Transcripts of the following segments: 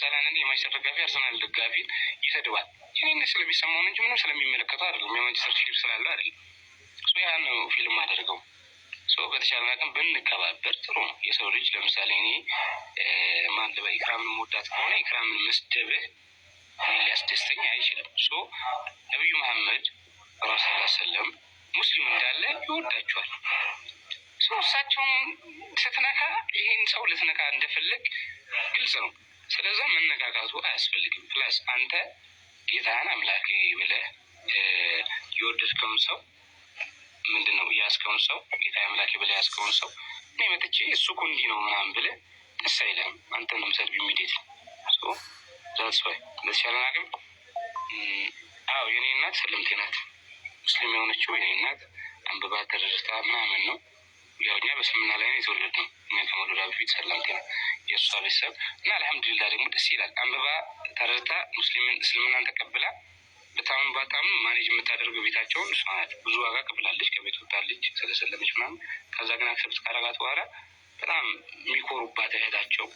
የጣሊያንን የማንቸስተር ደጋፊ አርሰናል ደጋፊን ይሰድባል። ይህን ስለሚሰማው እንጂ ምንም ስለሚመለከተው አይደለም። የማንቸስተር ሲቲ ስላለ አይደለም። ያ ነው ፊልም አደርገው በተቻለ አቅም ብንከባበር ጥሩ ነው። የሰው ልጅ ለምሳሌ እኔ ማን ልበል ኢክራምን መወዳት ከሆነ ኢክራምን መስደብ ሊያስደስተኝ አይችልም። ሶ ነቢዩ መሐመድ ራስ ላ ሰለም ሙስሊም እንዳለ ይወዳቸዋል። እሳቸውን ስትነካ ይህን ሰው ልትነካ እንደፈለግ ግልጽ ነው። ስለዛ መነጋጋቱ አያስፈልግም። ፕላስ አንተ ጌታህን አምላክ ብለህ የወደድከውን ሰው ምንድን ነው ያስከውን ሰው ጌታ አምላክ ብለህ ያስከውን ሰው እኔ መጥቼ እሱ እኮ እንዲህ ነው ምናምን ብለህ ደስ አይለም። አንተ ነው ምሰድ ቢሚዴት ዛስ ወይ ደስ ያለን አቅም አዎ፣ የኔ እናት ሰለምቴ ናት። ሙስሊም የሆነችው የኔ እናት አንብባ ተደርታ ምናምን ነው የአውዲያ በስምና ላይ ነው የተወለድነው። እኛ ከመውለዷ በፊት ሰላምቴ ነው የእሷ ቤተሰብ እና አልሐምዱሊላ ደግሞ ደስ ይላል። አንብባ ተረድታ ሙስሊምን እስልምናን ተቀብላ በጣም በጣም ማኔጅ የምታደርገው ቤታቸውን እሷ ብዙ ዋጋ ቅብላለች። ከቤት ወጣለች፣ ስለሰለመች ምናምን። ከዛ ግን አክሰብት ካረጋት በኋላ በጣም የሚኮሩባት እህታቸው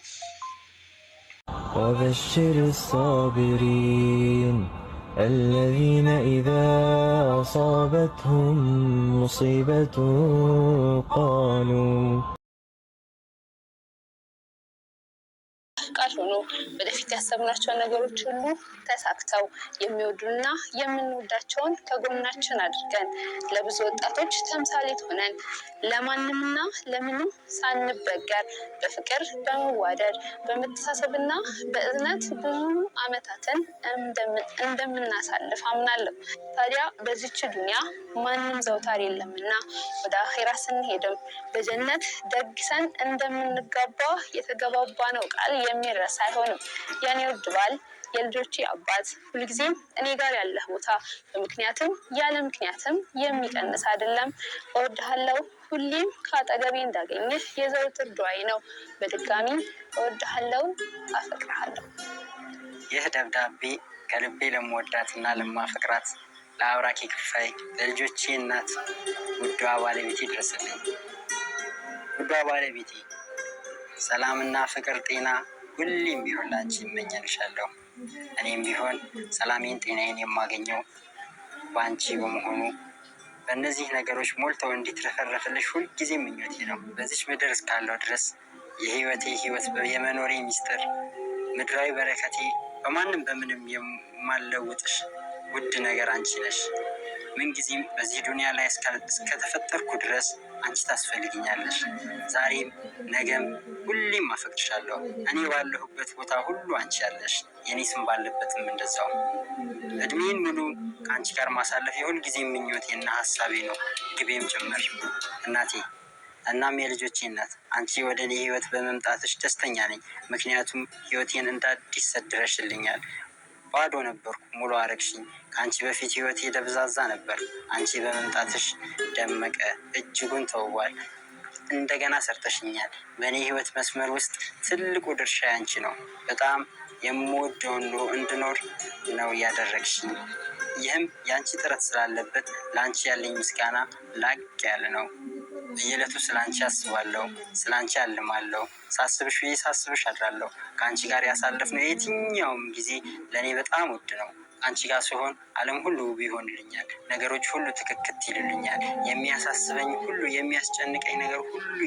ወበሽር ሳቢሪን الذين إذا أصابتهم مصيبة قالوا ያሰብናቸው ነገሮች ሁሉ ተሳክተው የሚወዱና የምንወዳቸውን ከጎናችን አድርገን ለብዙ ወጣቶች ተምሳሌት ሆነን ለማንምና ለምንም ሳንበገር በፍቅር በመዋደድ በመተሳሰብና በእዝነት ብዙ ዓመታትን እንደምናሳልፍ አምናለሁ። ታዲያ በዚች ዱኒያ ማንም ዘውታር የለምና ወደ አኼራ ስንሄድም በጀነት ደግሰን እንደምንጋባ የተገባባ ነው ቃል የሚረሳ አይሆንም። የኔ ውድ ባል፣ የልጆቼ አባት፣ ሁልጊዜም እኔ ጋር ያለህ ቦታ በምክንያትም ያለ ምክንያትም የሚቀንስ አይደለም። እወድሃለሁ። ሁሌም ከአጠገቤ እንዳገኘህ የዘውትር ድዋዬ ነው። በድጋሚ እወድሃለሁ፣ አፈቅርሃለሁ። ይህ ደብዳቤ ከልቤ ለመወዳትና ለማፈቅራት ለአብራኬ ክፋይ ለልጆቼ እናት ውዷ ባለቤቴ ይድረስልኝ። ውዷ ባለቤቴ ሰላምና ፍቅር ጤና ሁሌም ቢሆን ለአንቺ ይመኛልሻለሁ። እኔም ቢሆን ሰላሜን፣ ጤናዬን የማገኘው በአንቺ በመሆኑ በእነዚህ ነገሮች ሞልተው እንዲትረፈረፍልሽ ሁልጊዜ ምኞቴ ነው። በዚች ምድር እስካለው ድረስ የህይወቴ ህይወት የመኖሬ ሚስጥር፣ ምድራዊ በረከቴ፣ በማንም በምንም የማለውጥሽ ውድ ነገር አንቺ ነሽ። ምንጊዜም በዚህ ዱንያ ላይ እስከተፈጠርኩ ድረስ አንቺ ታስፈልግኛለሽ። ዛሬም፣ ነገም፣ ሁሌም አፈቅድሻለሁ። እኔ ባለሁበት ቦታ ሁሉ አንቺ ያለሽ፣ የኔ ስም ባለበትም እንደዛው። እድሜን ሙሉ ከአንቺ ጋር ማሳለፍ የሁልጊዜ ምኞቴና ሀሳቤ ነው፣ ግቤም ጭምር እናቴ። እናም የልጆቼ እናት አንቺ ወደ እኔ ህይወት በመምጣትሽ ደስተኛ ነኝ። ምክንያቱም ህይወቴን እንደ አዲስ ሰድረሽልኛል። ባዶ ነበርኩ ሙሉ አረግሽኝ። ከአንቺ በፊት ህይወቴ ደብዛዛ ነበር። አንቺ በመምጣትሽ ደመቀ፣ እጅጉን ተውቧል። እንደገና ሰርተሽኛል። በእኔ ህይወት መስመር ውስጥ ትልቁ ድርሻ ያንቺ ነው። በጣም የምወደውን ኑሮ እንድኖር ነው እያደረግሽኝ። ይህም የአንቺ ጥረት ስላለበት ለአንቺ ያለኝ ምስጋና ላቅ ያለ ነው። በየዕለቱ ስለ አንቺ አስባለሁ፣ ስለ አንቺ አልማለሁ። ሳስብሽ ብዬ ሳስብሽ አድራለሁ። ከአንቺ ጋር ያሳለፍነው የትኛውም ጊዜ ለእኔ በጣም ውድ ነው። አንቺ ጋር ሲሆን ዓለም ሁሉ ውብ ይሆንልኛል። ነገሮች ሁሉ ትክክት ይልልኛል። የሚያሳስበኝ ሁሉ የሚያስጨንቀኝ ነገር ሁሉ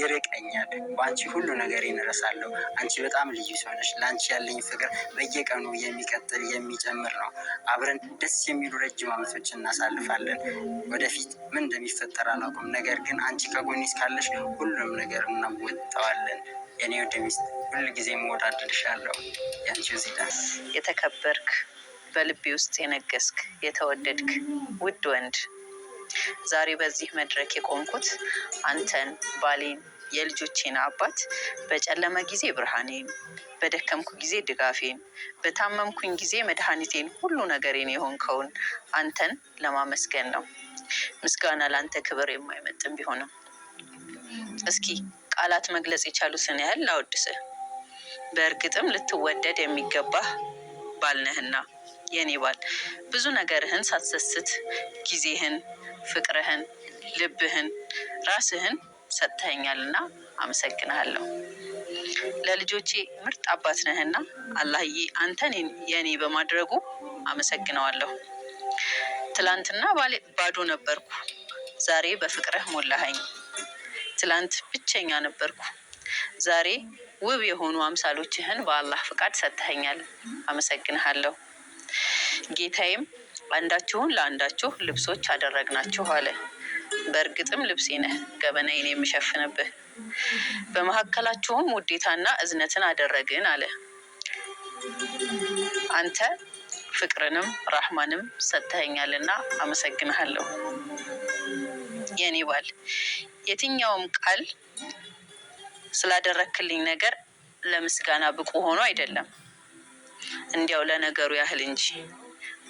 ይርቀኛል። በአንቺ ሁሉ ነገር እንረሳለሁ። አንቺ በጣም ልዩ ሰው ነሽ። ለአንቺ ያለኝ ፍቅር በየቀኑ የሚቀጥል የሚጨምር ነው። አብረን ደስ የሚሉ ረጅም ዓመቶች እናሳልፋለን። ወደፊት ምን እንደሚፈጠር አላውቅም። ነገር ግን አንቺ ከጎኔ እስካለሽ ሁሉም ነገር እናወጣዋለን። የኔ ወደ ሚስት ሁልጊዜም ወዳድልሻለሁ። የአንቺ ዚዳ የተከበርክ በልቤ ውስጥ የነገስክ የተወደድክ ውድ ወንድ ዛሬ በዚህ መድረክ የቆምኩት አንተን ባሌን የልጆቼን አባት በጨለመ ጊዜ ብርሃኔን፣ በደከምኩ ጊዜ ድጋፌን፣ በታመምኩኝ ጊዜ መድኃኒቴን፣ ሁሉ ነገሬን የሆንከውን አንተን ለማመስገን ነው። ምስጋና ለአንተ ክብር የማይመጥን ቢሆንም እስኪ ቃላት መግለጽ የቻሉትን ያህል ላወድስህ። በእርግጥም ልትወደድ የሚገባህ ባልነህና የኔ ባል ብዙ ነገርህን ሳትሰስት ጊዜህን፣ ፍቅርህን፣ ልብህን፣ ራስህን ሰጥተኸኛልና አመሰግናለሁ። ለልጆቼ ምርጥ አባት ነህና አላህዬ አንተን የኔ በማድረጉ አመሰግነዋለሁ። ትላንትና ባሌ ባዶ ነበርኩ፣ ዛሬ በፍቅርህ ሞላኸኝ። ትላንት ብቸኛ ነበርኩ፣ ዛሬ ውብ የሆኑ አምሳሎችህን በአላህ ፍቃድ ሰጥተኸኛል። አመሰግንሃለሁ። ጌታዬም አንዳችሁን ለአንዳችሁ ልብሶች አደረግናችሁ አለ። በእርግጥም ልብሴ ነህ ገበናዬን የምሸፍንብህ፣ በመካከላችሁም ውዴታና እዝነትን አደረግን አለ። አንተ ፍቅርንም ራህማንም ሰጥተኸኛልና አመሰግንሃለሁ። የኔ ባል የትኛውም ቃል ስላደረክልኝ ነገር ለምስጋና ብቁ ሆኖ አይደለም፣ እንዲያው ለነገሩ ያህል እንጂ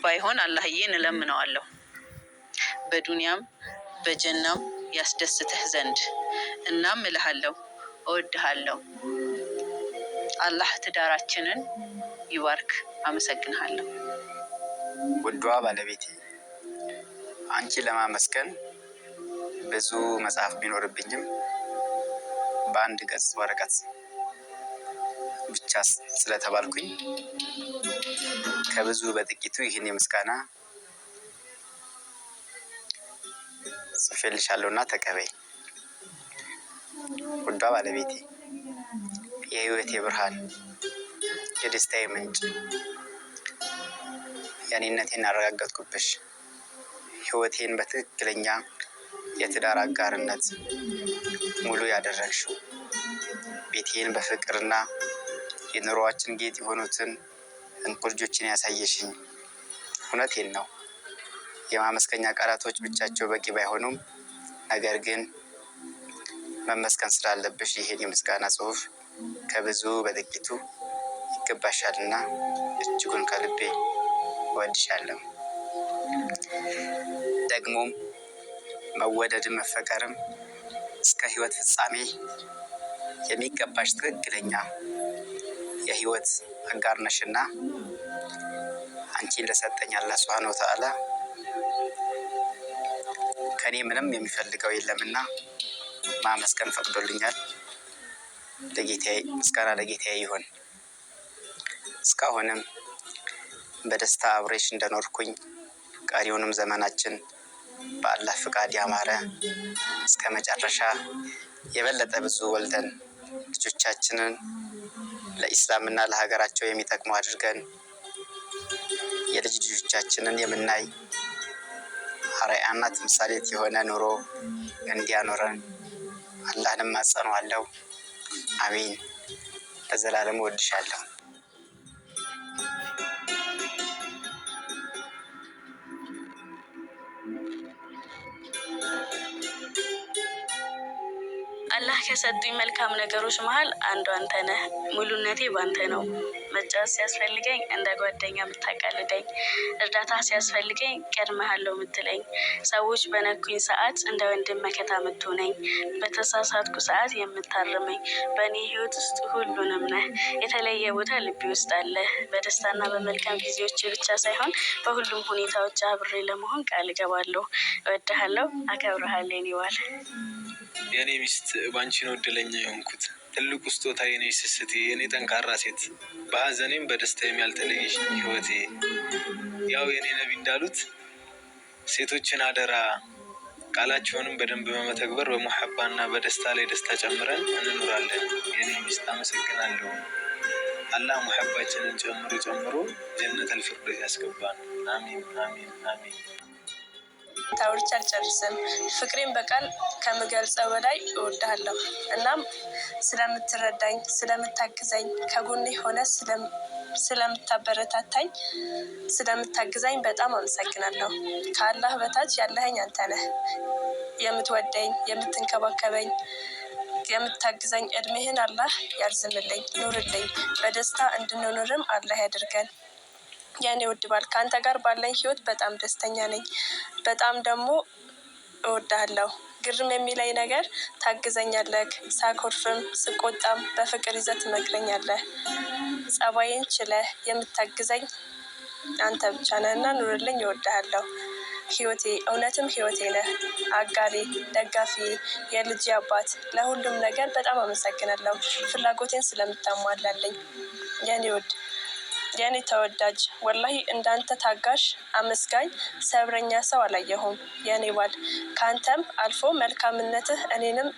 ባይሆን አላህዬ እንለምነዋለሁ በዱንያም በጀናም ያስደስትህ ዘንድ። እናም እልሃለሁ እወድሃለሁ። አላህ ትዳራችንን ይባርክ። አመሰግንሃለሁ። ውዷ ባለቤቴ አንቺ ለማመስገን ብዙ መጽሐፍ ቢኖርብኝም በአንድ ገጽ ወረቀት ብቻ ስለተባልኩኝ ከብዙ በጥቂቱ ይህን የምስጋና ጽፌልሻለሁና ተቀበይ። ውዷ ባለቤቴ፣ የህይወቴ ብርሃን፣ የደስታዬ ምንጭ፣ ያኔነቴን አረጋገጥኩብሽ። ህይወቴን በትክክለኛ የትዳር አጋርነት ሙሉ ያደረግሽው ቤቴን በፍቅርና የኑሮዋችን ጌጥ የሆኑትን እንቁ ልጆችን ያሳየሽኝ። እውነቴን ነው። የማመስገኛ ቃላቶች ብቻቸው በቂ ባይሆኑም ነገር ግን መመስገን ስላለብሽ ይሄን የምስጋና ጽሁፍ ከብዙ በጥቂቱ ይገባሻልና እጅጉን ከልቤ እወድሻለሁ። ደግሞም መወደድን መፈቀርም እስከ ህይወት ፍጻሜ የሚገባሽ ትክክለኛ የህይወት አጋር ነሽና አንቺን ለሰጠኝ አላህ ሱብሃነ ወተዓላ ከኔ ምንም የሚፈልገው የለምና ማመስገን ፈቅዶልኛል። ምስጋና ለጌታ ይሁን። እስካሁንም በደስታ አብሬሽ እንደኖርኩኝ ቀሪውንም ዘመናችን በአላህ ፍቃድ ያማረ እስከ መጨረሻ የበለጠ ብዙ ወልደን ልጆቻችንን ለኢስላምና ለሀገራቸው የሚጠቅሙ አድርገን የልጅ ልጆቻችንን የምናይ አርአያና ተምሳሌት የሆነ ኑሮ እንዲያኖረን አላህንም ማጸነዋለሁ። አሚን። ለዘላለም ወድሻለሁ። ከሰጡኝ መልካም ነገሮች መሀል አንዱ አንተ ነህ። ሙሉነቴ ባንተ ነው። መጫወት ሲያስፈልገኝ እንደ ጓደኛ የምታቃልደኝ፣ እርዳታ ሲያስፈልገኝ ቀድመሃለው የምትለኝ፣ ሰዎች በነኩኝ ሰዓት እንደ ወንድም መከታ የምትሆነኝ፣ በተሳሳትኩ ሰዓት የምታርመኝ፣ በእኔ ህይወት ውስጥ ሁሉንም ነህ። የተለየ ቦታ ልቤ ውስጥ አለ። በደስታና በመልካም ጊዜዎች ብቻ ሳይሆን በሁሉም ሁኔታዎች አብሬ ለመሆን ቃል እገባለሁ። እወድሃለሁ፣ አከብረሃለሁ። ይኔዋል የእኔ ሚስት ባንቺ ነው እድለኛ የሆንኩት። ትልቁ ስጦታ የኔ ስስቴ፣ የኔ ጠንካራ ሴት፣ በሀዘኔም በደስታ ያልተለየሽ ህይወቴ። ያው የኔ ነቢ እንዳሉት ሴቶችን አደራ ቃላቸውንም በደንብ በመተግበር በሙሐባና በደስታ ላይ ደስታ ጨምረን እንኖራለን። የኔ ሚስት አመሰግናለሁ። አላህ ሙሐባችንን ጨምሮ ጨምሮ ጀነት አልፊርዶስ ያስገባን። አሚን አሚን አሚን። ታወርቼ አልጨርስም። ፍቅሬን በቃል ከምገልጸው በላይ እወድሃለሁ። እናም ስለምትረዳኝ፣ ስለምታግዘኝ፣ ከጎኔ ሆነ ስለምታበረታታኝ፣ ስለምታግዛኝ በጣም አመሰግናለሁ። ከአላህ በታች ያለኸኝ አንተ ነህ። የምትወደኝ፣ የምትንከባከበኝ የምታግዘኝ እድሜህን አላህ ያርዝምልኝ፣ ኑርልኝ። በደስታ እንድንኖርም አላህ ያድርገን። የእኔ ውድ ባል ከአንተ ጋር ባለኝ ህይወት በጣም ደስተኛ ነኝ። በጣም ደግሞ እወዳለሁ። ግርም የሚለኝ ነገር ታግዘኛለህ። ሳኮርፍም ስቆጣም በፍቅር ይዘህ ትመክረኛለህ። ጸባይን ችለህ የምታግዘኝ አንተ ብቻ ነህ እና ኑርልኝ። እወድሃለሁ። ህይወቴ እውነትም ህይወቴ ነህ። አጋሪ ደጋፊ፣ የልጅ አባት፣ ለሁሉም ነገር በጣም አመሰግናለሁ። ፍላጎቴን ስለምታሟላለኝ የኔ ውድ የኔ ተወዳጅ ወላሂ እንዳንተ ታጋሽ አመስጋኝ ሰብረኛ ሰው አላየሁም። የኔ ባል ከአንተም አልፎ መልካምነትህ እኔንም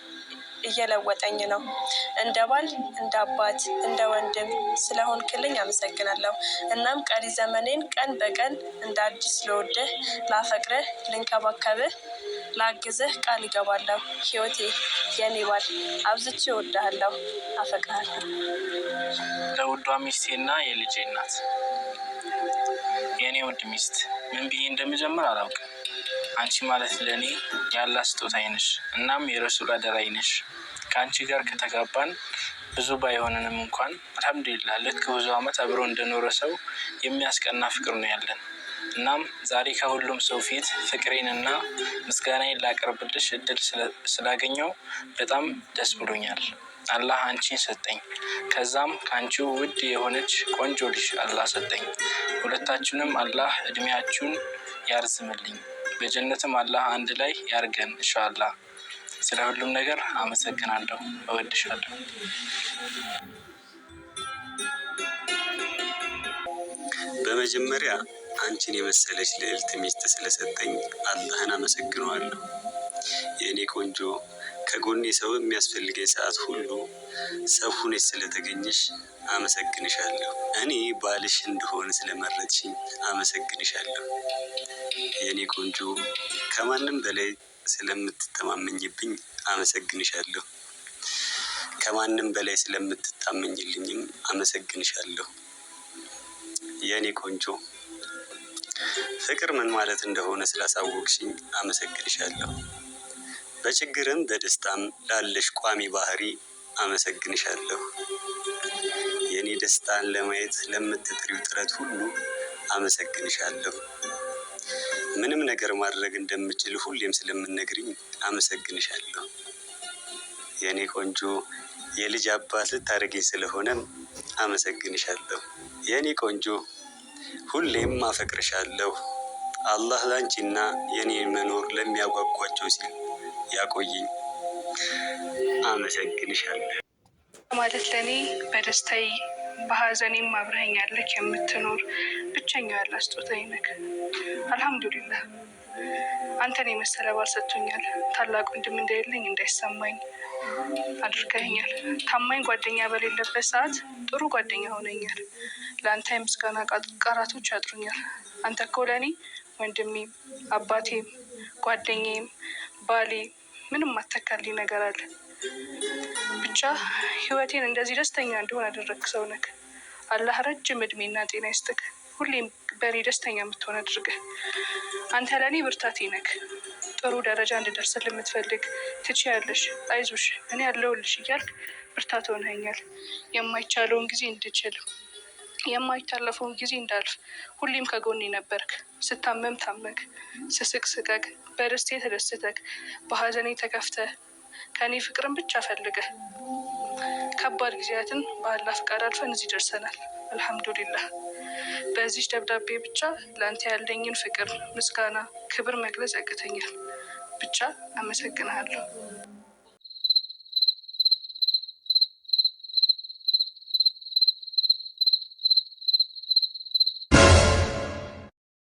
እየለወጠኝ ነው። እንደ ባል፣ እንደ አባት፣ እንደ ወንድም ስለሆንክልኝ አመሰግናለሁ። እናም ቀሪ ዘመኔን ቀን በቀን እንደ አዲስ ልወድህ፣ ላፈቅርህ፣ ልንከባከብህ ላግዝህ ቃል ይገባለሁ። ህይወቴ የኔ ባል አብዝቼ እወድሃለሁ፣ አፈቅርሃለሁ። ለውዷ ሚስቴና የልጄ እናት የእኔ ውድ ሚስት ምን ብዬ እንደምጀምር አላውቅም። አንቺ ማለት ለእኔ ያላ ስጦታዬ ነሽ፣ እናም የረሱል አደራዬ ነሽ። ከአንቺ ጋር ከተጋባን ብዙ ባይሆንንም እንኳን አልሐምዱሊላህ ልክ ብዙ ዓመት አብሮ እንደኖረ ሰው የሚያስቀና ፍቅር ነው ያለን። እናም ዛሬ ከሁሉም ሰው ፊት ፍቅሬንና ምስጋናዬን ላቀርብልሽ እድል ስላገኘው በጣም ደስ ብሎኛል። አላህ አንቺን ሰጠኝ። ከዛም ከአንቺው ውድ የሆነች ቆንጆ ልጅ አላህ ሰጠኝ። ሁለታችንም አላህ እድሜያችሁን ያርዝምልኝ፣ በጀነትም አላህ አንድ ላይ ያርገን እንሻላ ስለ ሁሉም ነገር አመሰግናለሁ፣ እወድሻለሁ። በመጀመሪያ አንቺን የመሰለች ልዕልት ሚስት ስለሰጠኝ አላህን አመሰግነዋለሁ። የእኔ ቆንጆ ከጎኔ ሰው የሚያስፈልገኝ ሰዓት ሁሉ ሰው ሁነሽ ስለተገኘሽ አመሰግንሻለሁ። እኔ ባልሽ እንድሆን ስለመረጥሽኝ አመሰግንሻለሁ። የእኔ ቆንጆ ከማንም በላይ ስለምትተማመኝብኝ አመሰግንሻለሁ። ከማንም በላይ ስለምትታመኝልኝም አመሰግንሻለሁ። የእኔ ቆንጆ ፍቅር ምን ማለት እንደሆነ ስላሳወቅሽኝ አመሰግንሻለሁ። በችግርም በደስታም ላለሽ ቋሚ ባህሪ አመሰግንሻለሁ። የእኔ ደስታን ለማየት ለምትጥሪው ጥረት ሁሉ አመሰግንሻለሁ። ምንም ነገር ማድረግ እንደምችል ሁሌም ስለምነግርኝ አመሰግንሻለሁ። የእኔ ቆንጆ የልጅ አባት ልታደርግኝ ስለሆነም አመሰግንሻለሁ። የእኔ ቆንጆ ሁሌም አፈቅርሻለሁ። አላህ ላንቺና የኔ መኖር ለሚያጓጓቸው ሲል ያቆየኝ። አመሰግንሻለሁ ማለት ለእኔ በደስታዬ በሀዘኔም አብረኸኛለህ የምትኖር ብቸኛው ያለ ስጦታዬ ነህ። አልሐምዱሊላህ አንተን የመሰለ ባል ሰጥቶኛል። ታላቅ ወንድም እንደሌለኝ እንዳይሰማኝ አድርገኸኛል። ታማኝ ጓደኛ በሌለበት ሰዓት ጥሩ ጓደኛ ሆነኛል። ለአንተ የምስጋና ቃራቶች ያጥሩኛል። አንተ እኮ ለእኔ ወንድሜም፣ አባቴም፣ ጓደኛዬም፣ ባሌ ምንም አተካልኝ ነገር አለ። ብቻ ህይወቴን እንደዚህ ደስተኛ እንደሆን አደረግ ሰው ነክ አላህ ረጅም እድሜና ጤና ይስጥክ። ሁሌም በእኔ ደስተኛ የምትሆን አድርገ። አንተ ለእኔ ብርታቴ ነክ ጥሩ ደረጃ እንድደርስል የምትፈልግ ትችያለሽ፣ አይዞሽ እኔ ያለውልሽ እያልክ ብርታት ሆነኛል። የማይቻለውን ጊዜ እንድችልም የማይታለፈውን ጊዜ እንዳልፍ ሁሌም ከጎኔ ነበርክ። ስታመም ታመክ፣ ስስቅ ስቀክ፣ በደስቴ ተደስተክ፣ በሀዘኔ ተከፍተ ከእኔ ፍቅርን ብቻ ፈልገ ከባድ ጊዜያትን በአላህ ፍቃድ አልፈን እዚህ ደርሰናል። አልሐምዱሊላህ። በዚህ ደብዳቤ ብቻ ለአንተ ያለኝን ፍቅር፣ ምስጋና፣ ክብር መግለጽ ያቅተኛል። ብቻ አመሰግንሃለሁ።